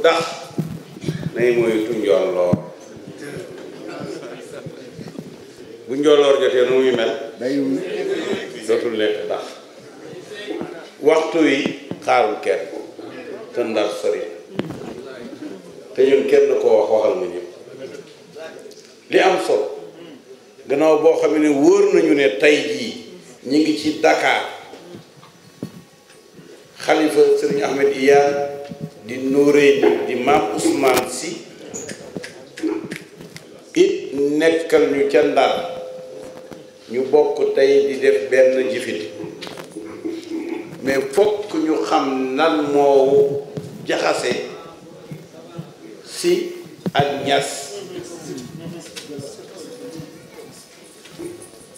ndax nay moytu njolloor bu njolloor jotee nu muy mel dootul nekk ndax waxtu wi xaarul kenn te sori te ñun kenn koo wax waxal nga ñëpp li am solo gannaaw boo xam ne wóor nañu ne tey jii ñu ngi ci Dakar xalifa Sëriñ Ahmed Iyane di nuuree di maam Ousmane Sy it nekkal ñu ca Ndar ñu bokk tey di def benn jifit mais fokk ñu xam nan moo jaxase si ak ñas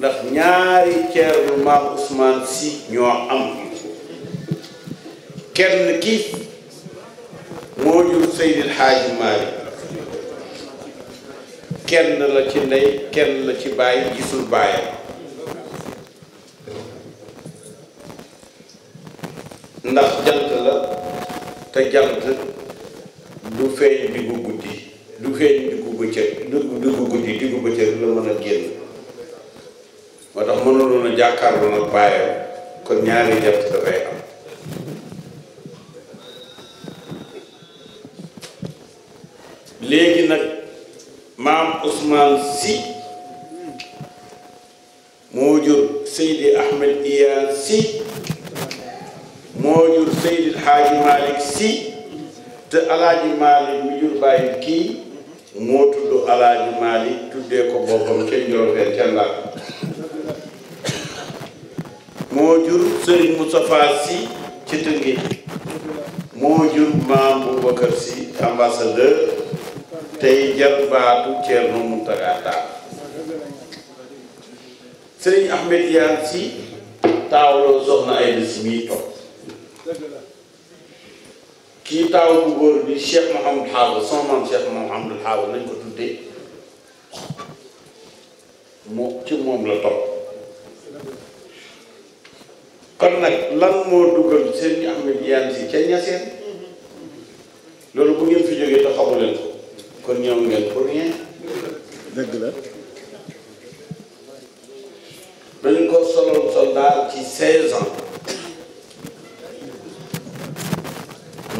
ndax ñaari ceerlu maam Ousmane Sy ñoo am kenn ki Seydil Haaji Maalik kenn la ci ndey kenn la ci baay gisul baayam ndax jant la te jant du feeñ diggu guddi du feeñ diggu bëccëg diggu guddi diggu bëccëg la mën a génn moo tax mënuloon a jàkkaarloo nag baayam kon ñaari jant dafay Ousmane Sy moo jur Seydi Ahmed Iyaan Sy moo jur Seydi Alxaaji Malick Sy te Alaaji Malick mi jur bàyyi kii moo tudd Alaaji Malick tuddee ko boppam ca Njolofeen ca Ndar moo jur Serigne Moustapha Sy ci Tëngéej moo jur Maam Boubacar Sy ambassadeur tey jarbaatu Thierno Mountaga Tall Serigne Ahmed Yane Sy taawloo soxna Aïda Sy miy toog kii taaw bu góor bi Cheikh Mouhamadou Hawa son maam Cheikh Mouhamadou Hawa nañ ko tuddee moo ci moom la topp kon nag lan moo dugal Serigne Ahmed Yane Sy ca ñaseen loolu bu ngeen fi jógee te xamu leen kon ñoom ngeen pour rien. dëgg la. dañ ko soloon soldat ci 16 ans.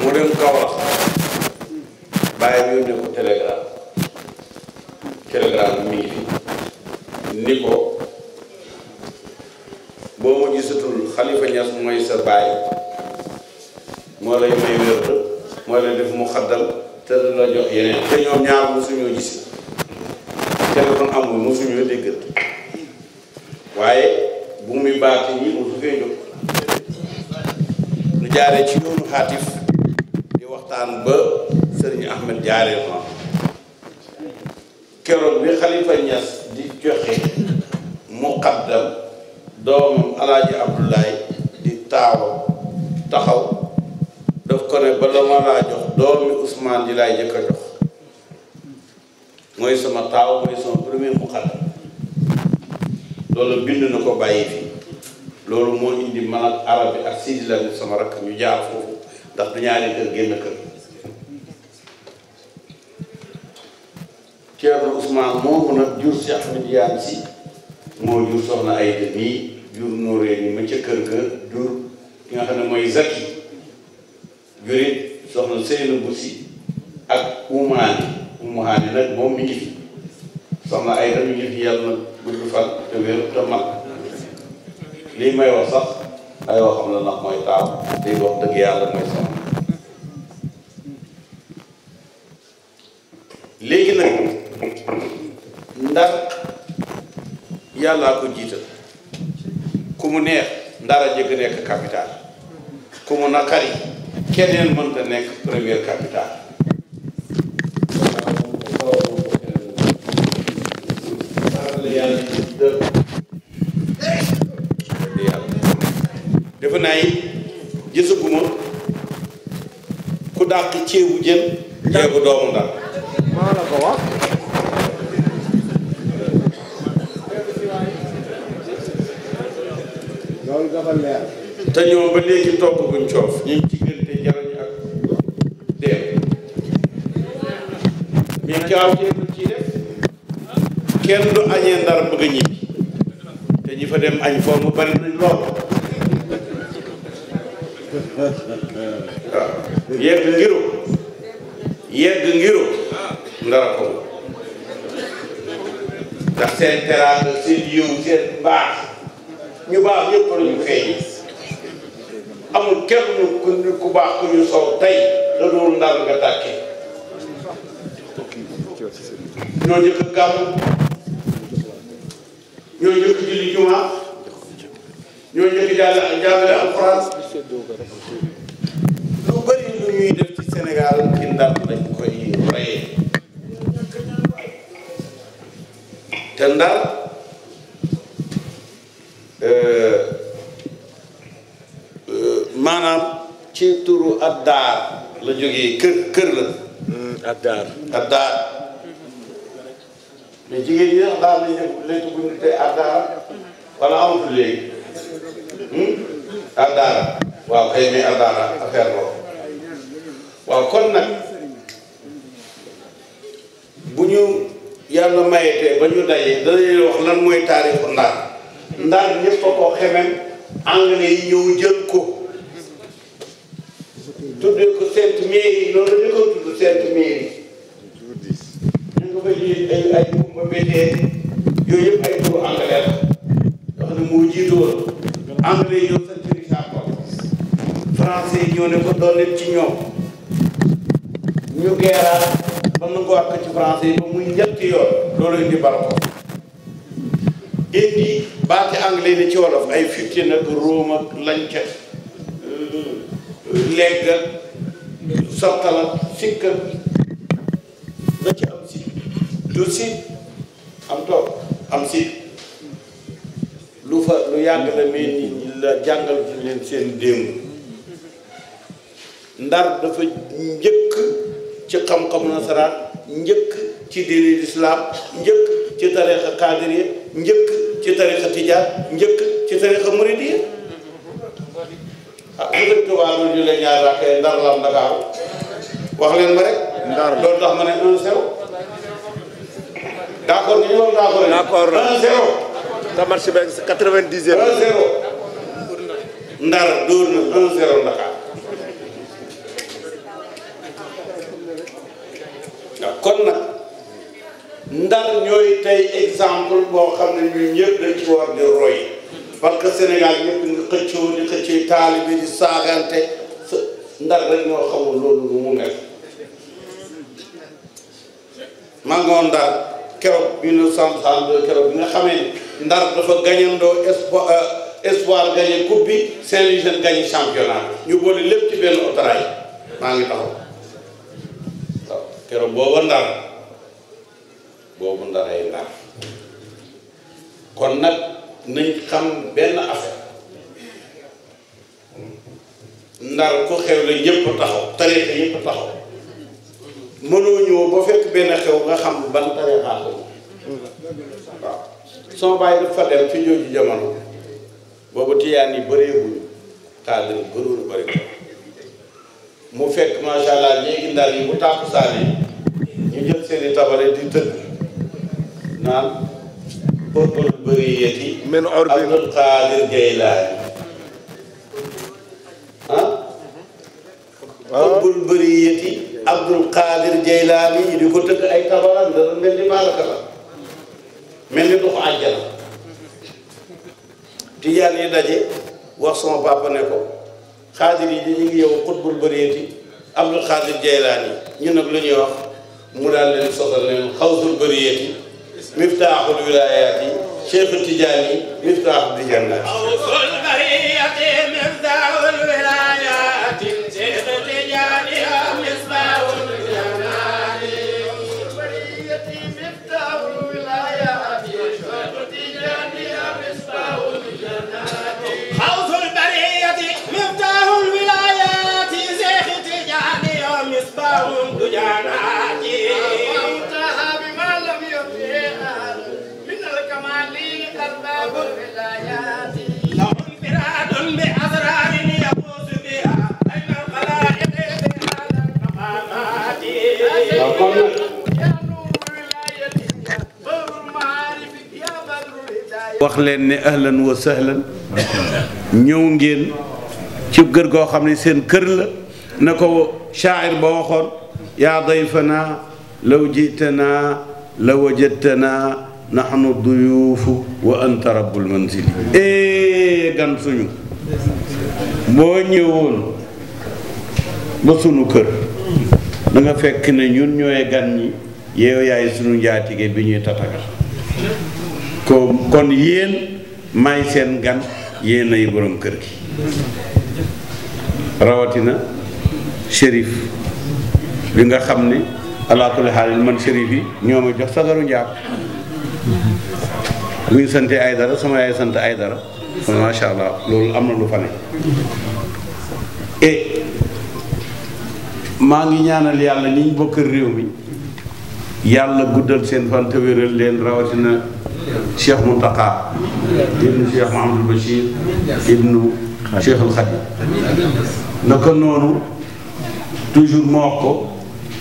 mu dem Kaolack. bàyyi ñu ne ko télé mosuñoo gis téléphone amul mosuñoo déggante waaye bu muy baati ñi mu fee jóg lu ci yoonu xaatif di waxtaan ba sëriñ Ahmed jaaree ma keroog bi Xalifa Ñas di joxe muqaddam doomam alaaji Abdoulaye di taaw taxaw daf ko ne bala laa jox doomi Ousmane di laay jëkk jox mooy sama taaw mooy sama premier muqaddam loolu bind na ko bàyyi fi loolu moo indi man ak arab bi ak Sidi Lamine sama rakk ñu jaar foofu ndax dañaa ñaari kër génn kër Ceerno Ousmane moomu nag jur si Ahmed Yaan moo jur soxna ay demi jur nóoree ni ma ca kër ga jur ki nga xam ne mooy Zaki jurit soxna Seyna Bussi ak Umaani Umu Haani nag moom mi ngi fi soxna Ayda mi ngi fi yàlla gudd fan te wér te mag lii may wax sax ay waxam la ndax mooy taaw lii wax dëgg yàlla mooy soxna ndax yàllaa ko jiital ku mu neex ndara jëgg nekk capital ku mu naqari keneen mënta nekk première capital nay gisaguma ku dàq ceebu jën te ñoom ba léegi togg buñ coof ñu ngi diggante jarañ ak dee mais caaw ceebu kenn du añee ndar bëgg a te ñi fa dem añ foofu mu bari nañ lool waaw ah. yegg ngiro yegg ngiro ndara ko ndax seen teraanga seen yiw seen baax ñu baax ñëpp la ñu feeñ amul kenn ku ku baax ku ñu sow tey la doon ndar nga tàkkee ñoo njëkk gàmm ñoo njëkk julli jumaa ñoo njëkk jàll jàngale alxuraan ñuy def ci Sénégal ci ndar koy reyee te ndar euh, euh, maanaam ci turu addaar la jógee kër kër la addaar addaar mais jigéen addaar lañ lañ ko te addaar wala amatu léegi hmm? addaar waaw kay mais addaar affaire boobu waaw kon nag bu ñu yàlla mayetee ba ñu dajee danañu wax lan mooy taarixu Ndar Ndar ñëpp ñëw jël ko tuddee ko Sainte Mairie noonu la ñu ko tudd Sainte Mairie ñu ngi ko jël ay ay Kumba Mbete yooyu yëpp ay turu anglais la yoo ne moo jiitu woon anglais yi ñoo sant français ñoo ne ko doon ci ñoom ñu geeraat ba mu nga wax ci français ba muy ñetti yoon loolu indi barko indi baati anglais ni ci wolof ay fitti nag róom ak lanca euh, legg ak sottal ci am si du am toog am si lu fa lu yàgg la mais nit la jàngal ci leen seen démb ndar dafa njëkk ci xam-xamu nasaraan njëkk ci diini lislaam njëkk ci tarixa kaadiriya njëkk ci tarixa tijaan njëkk ci tarixa muridiya ah bu dee tubaab lu ñu leen ñaar rakkee ndar lam Dakar wax leen ma rek. ndar loolu tax ma ne un zéro. d' accord ñu ñëw d' accord un zéro. ta marché beeg si quatre-vingt-dixième. un zéro. ndar dóor na un zéro Dakar. kon nag ndar ñooy tey exemple boo xam ne ñun ñëpp dañ ci war di roy parce que Sénégal ñëpp nga xëccoo di xëccoo taalibe di saagante ndar rek ñoo xamul loolu lu mu mel maa ngoon ndar keroog 1962 keroog bi nga xamee ndar dafa gañandoo espoir euh, espoir gagné coupe bi Saint-Louis gagné championnat ñu boole lépp ci benn autorail maa ngi taxaw keroog booba ndar boobu ndaray ndar kon nag nañ xam benn affaire ndar ku xew la ñëpp taxaw tariixa ñëpp taxaw mënoo ñëw ba fekk benn xew nga xam ban tariixaa ko waaw bàyyi dafa dem ci jooju jamono boobu tiyaan yi bëreeguñu xaalis bëriwul bëriwul mu fekk macha allah ñii indaal yi mu tàkku saal yi ñu jël seen i di tëgg naan pëppal bëri yéeti Abdul Xaadir Jaylaani ah pëppal ah. bëri yéeti Abdul Xaadir Jaylaani ñu di ko tëgg ay tabaram dara mel ni maalaka la mel ni du ko àjjana tijaan yi daje wax sama papa ne ko xaadir yi dañu ngi yow xutbul bëreeti abdul xaadir jaylaani ñu nag lu ñuy wax mu daal leen sosal leen xawsul bëreeti miftaaxul wilaayaati cheikh tijaani miftaaxul di jannaat قوم wax leen ne ahlan wa sahlan ñëw ngeen ci kër goo xam ne seen kër la na ko shaa'ir ba waxoon yaa dayfana law ji'tana la wajadtana nahnu duyuufu wa anta rabbul manzili ee gan suñu boo ñëwoon ba sunu kër da fekk ne ñun ñooy gan ñi yow yaay sunu njaatige bi ñuy tatagal ko kon yéen may seen gan yéen ay borom kër gi rawatina shérif bi nga xam ni alaa kulli man shérif yi ñoo ma jox sagaru njaab bu ñu sante ay dara sama yaay sant ay dara kon macha allah loolu am na lu fa ne maa ngi ñaanal yàlla ni ñu bokkal réew mi yàlla guddal seen fan leen rawatina cheikh Mountakha ibnu cheikh Mahamadul Bachir ibnu cheikhul Khadim naka noonu toujours moo wax ko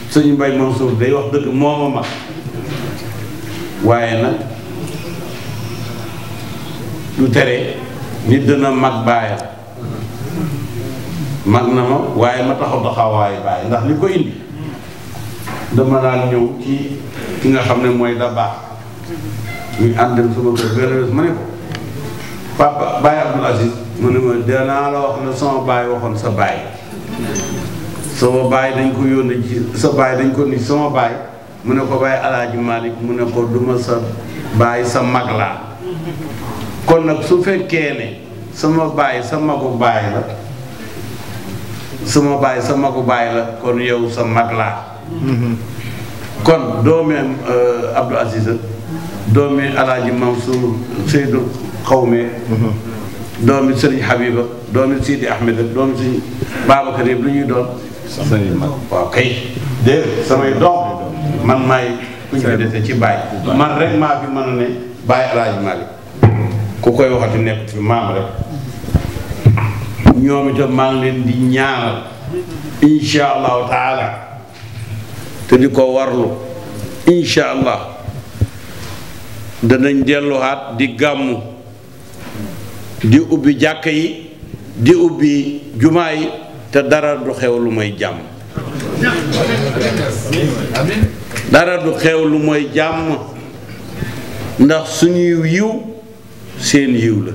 suñu mbay Mansour day wax dëgg mooma mag waaye nag du tere nit dana mag baayam mag na ma waaye ma taxaw taxawaayu bàyyi ndax li ko indi dama daan ñëw ci ki nga xam ne mooy da baax ñu ànd dem ne ko papa Baye Abdoul Aziz mu ne ma danaa la wax ne sama baay waxoon sa baay sama bàyyi dañ ko yónnee ci sa baay dañ ko ni sama baay mu ne ko Baye Alaaji Malick mu ne ko duma sa baay sa mag laa kon nag su fekkee ne sama baay sa magu baay la sama baay sama magu baay la kon yow sa mag laa kon doomeem euh, Abdou Aziz doomi alaaji Mansour Seydou Xawme doomi Sëriñ Habiba doomi Sidi Ahmed ak doomi Sëriñ Babacar lu ñuy doon samay mag waaw samay doom man maay kuñ ko dese ci baay man rek maa fi mën a ne baay alaaji Malick ku koy waxati nekk fi maam rek ñoom itam mag ngi leen di ñaanal incha allahu te di ko warlu incha allah danañ delluwaat di gàmmu di ubbi jàkk yi di ubbi jumaa yi te dara du xew lu may jàmm dara du xew lu mooy jàmm ndax suñuy yiw seen yiw la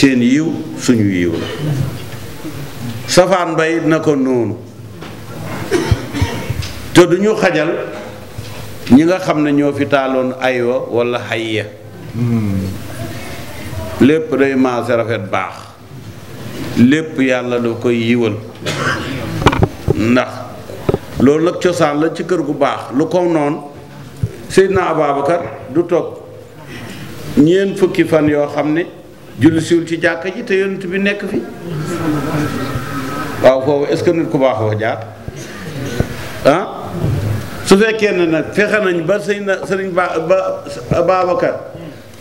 seen yiw suñu yiw la safaan ba na ko noonu te duñu xajal ñi nga xam ne ñoo fi taaloon aywa wala xayya lépp day maase rafet baax lépp yàlla da koy yiwal ndax loolu nag cosaan la ci kër gu baax lu ko noonu Seydina Ababacar du toog ñeent fukki fan yoo xam ne julli siwul ci jàkka ji te yonent bi nekk fi waaw foofu est nit ku baax fa jaar ah? su fekkee ne nag fexe nañ ba sëñ na sëriñ ba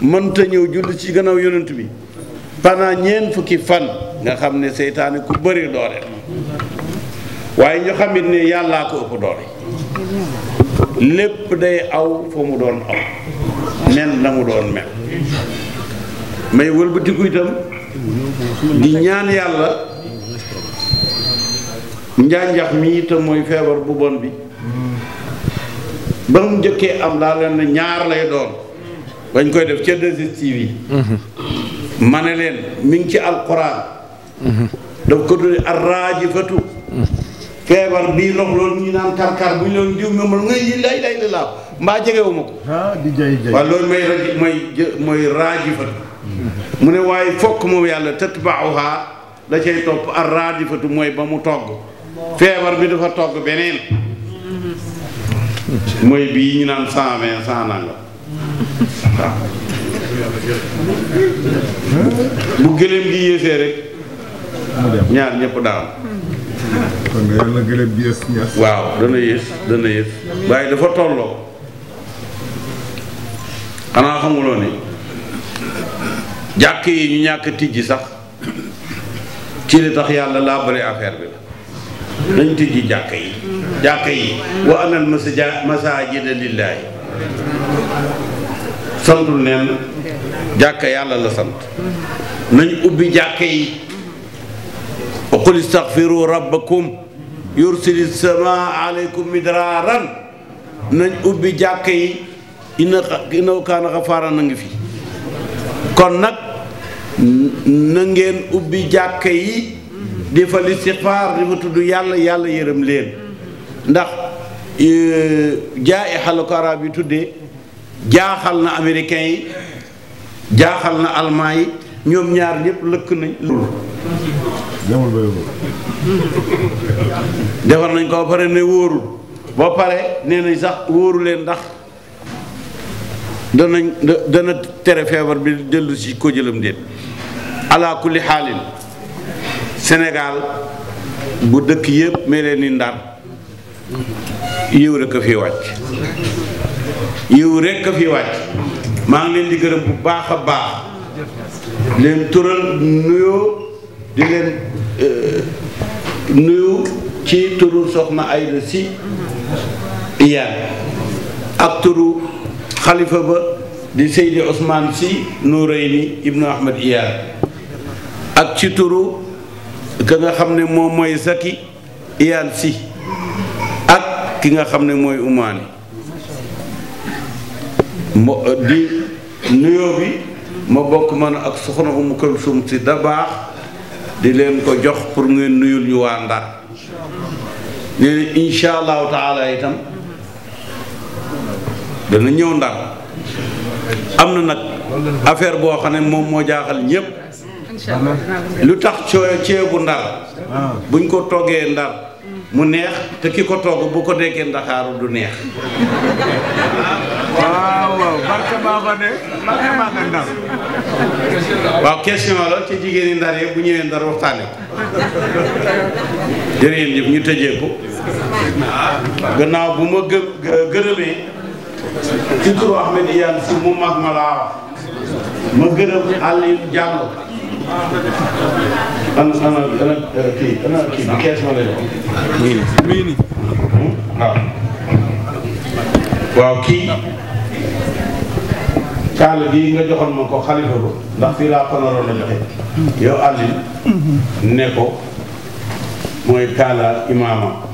mënta ñëw julli ci gannaaw yonent bi pendant ñeent fukki fan nga xam ne seytaane ku bëri doole waaye ñu xamit ne yàllaa ko ëpp doole lépp day aw fa mu doon aw mel na mu doon mel may wëlbatiku itam di ñaan yàlla njaanjax mi itam mooy feebar bu bon bi ba mu njëkkee am laa leen ñaar lay doon bañ koy def ca 2STV yi ma ne leen mi ngi ci alxuraan daf ko tudde arraajifatu feebar bii lox loolu ñu naan karkar bu ñu loolu diw moom ngay yi lay lay li laaw mbaa jegewuma ko ah, waaw loolu mooy mooy raajifatu mu ne waaye fokk moom yàlla tatba'uha la cay topp ar raadifatu mooy ba mu togg feebar bi dafa togg beneen mooy bii ñu naan cent vingt bu gëléem gi yéesee rek ñaar ñëpp daal waaw dana yées dana yées waaye dafa tolloo xanaa xamuloo ni jàkk yi ñu ñàkk tijji sax ci li tax yàlla laa bari affaire bi la nañ tijji jàkk yi jàkk yi wa anal masaajida lillaahi santul neen jàkk yàlla la sant nañ ubbi jàkk yi wa qul istaghfiru rabbakum yursili samaa aleykum midraaran nañ ubbi jàkk yi inna innahu kaana a ngi fi kon nag na ngeen ubbi jàkka yi di fa listixfaar di fa tudd yàlla yàlla yërëm leen ndax euh, jaay xalu ko arab yi tuddee jaaxal na americain yi jaaxal na allemand yi ñoom ñaar ñëpp lëkk nañ defar nañ ko ba pare ne wóorul ba pare nee sax wóoru leen ndax danañ dana tere feebar bi dellu si ko jëlam déet ala kulli xaalin Sénégal bu dëkk yépp melee ni Ndar yiw rek a fi wàcc yiw rek a fi wàcc maa ngi leen di gërëm bu baax a baax leen tural nuyoo di leen euh, nuyu ci turu soxna Ayda Si Iyaan ak turu xalifa ba di Seydi Ousmane Sy Noureyni ibnu Ahmad Iyad ak ci turu ka nga xam ne moom mooy Zaki iyaan si ak ki nga xam ne mooy Umaani mo euh, di nuyoo bi ma bokk man ak soxna Umu Kalsum si da di leen ko jox pour ngeen nuyul ñu waa Ndar nee na incha itam dana ñëw ndar am na nag affaire boo xam ne moom moo jaaxal ñépp lu tax coo ceebu ndar ah. buñ ko toggee ndar mu neex te ki ko togg bu ko dekkee ndakaaru du neex waaw waaw question la ci jigéeni ndar yi bu ñëwee ndar waxtaane jërëjëf ñu tëjee ko gannaaw bu ma gë gërëmee surtout Ahmed Iyane si mu mag ma laa ma gërëm Alioune Diallo. ana ana ana kii ana kii bi kees ma lay wax. Hmm? waaw. waaw kii. Kaal gii nga joxoon ma ko xalifa ko ndax fii laa ko naroon a joxe. yow Alioune. Mm-hmm. ne ko mooy Kaala imaama.